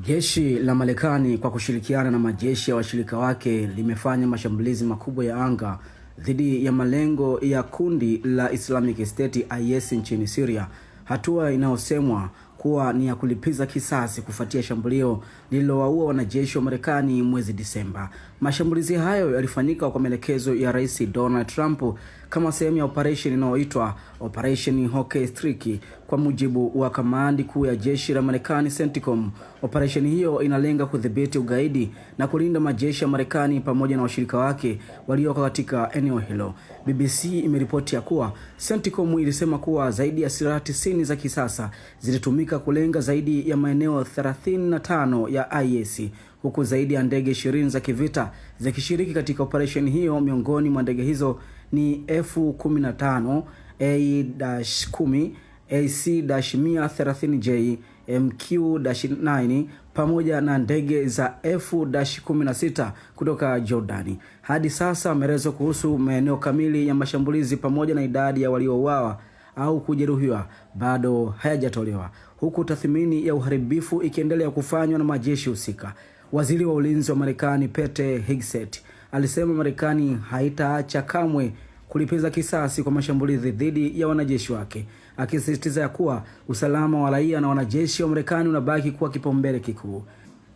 Jeshi la Marekani kwa kushirikiana na majeshi ya washirika wake limefanya mashambulizi makubwa ya anga dhidi ya malengo ya kundi la Islamic State IS nchini Syria, hatua inayosemwa kuwa ni ya kulipiza kisasi kufuatia shambulio lililowaua wanajeshi wa Marekani mwezi Disemba. Mashambulizi hayo yalifanyika kwa maelekezo ya Rais Donald Trump kama sehemu ya operesheni inayoitwa Operation Hockey Streak, kwa mujibu wa kamandi kuu ya jeshi la Marekani CENTCOM, operesheni hiyo inalenga kudhibiti ugaidi na kulinda majeshi ya Marekani pamoja na washirika wake walioko katika eneo hilo. BBC imeripoti ya kuwa CENTCOM ilisema kuwa zaidi ya silaha tisini za kisasa zilitumika kulenga zaidi ya maeneo 35 ya IS huku zaidi ya ndege 20 za kivita zikishiriki katika operesheni hiyo. Miongoni mwa ndege hizo ni F-15, A-10 AC-130J MQ-9 pamoja na ndege za F-16 kutoka Jordani. Hadi sasa maelezo kuhusu maeneo kamili ya mashambulizi pamoja na idadi ya waliouawa au kujeruhiwa bado hayajatolewa, huku tathmini ya uharibifu ikiendelea kufanywa na majeshi husika. Waziri wa Ulinzi wa Marekani Pete Hegseth alisema Marekani haitaacha kamwe kulipiza kisasi kwa mashambulizi dhidi ya wanajeshi wake, akisisitiza ya kuwa usalama wa raia na wanajeshi wa Marekani unabaki kuwa kipaumbele kikuu.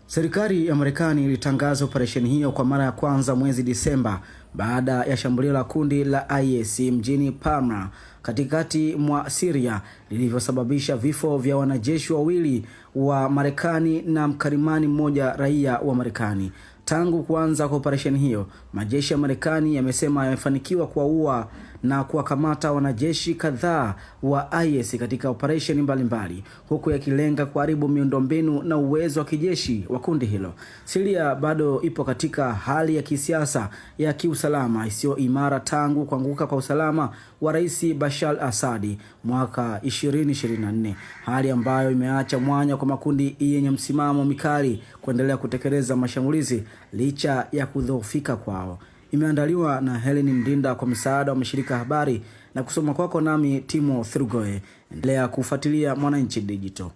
Serikali ya Marekani ilitangaza operesheni hiyo kwa mara ya kwanza mwezi Disemba baada ya shambulio la kundi la IS mjini Palmyra katikati mwa Syria lilivyosababisha vifo vya wanajeshi wawili wa Marekani na mkarimani mmoja raia wa Marekani. Tangu kuanza kwa operesheni hiyo, majeshi ya Marekani yamesema yamefanikiwa kuwaua na kuwakamata wanajeshi kadhaa wa IS katika operesheni mbalimbali, huku yakilenga kuharibu miundombinu na uwezo wa kijeshi wa kundi hilo. Siria bado ipo katika hali ya kisiasa ya kiusalama isiyo imara tangu kuanguka kwa usalama wa Rais Bashar Asadi mwaka 2024, hali ambayo imeacha mwanya kwa makundi yenye msimamo mikali kuendelea kutekeleza mashambulizi licha ya kudhoofika kwao. Imeandaliwa na Helen Mdinda kwa msaada wa mashirika habari na kusoma kwako nami Timo Thrugoe. Endelea kufuatilia Mwananchi Digital.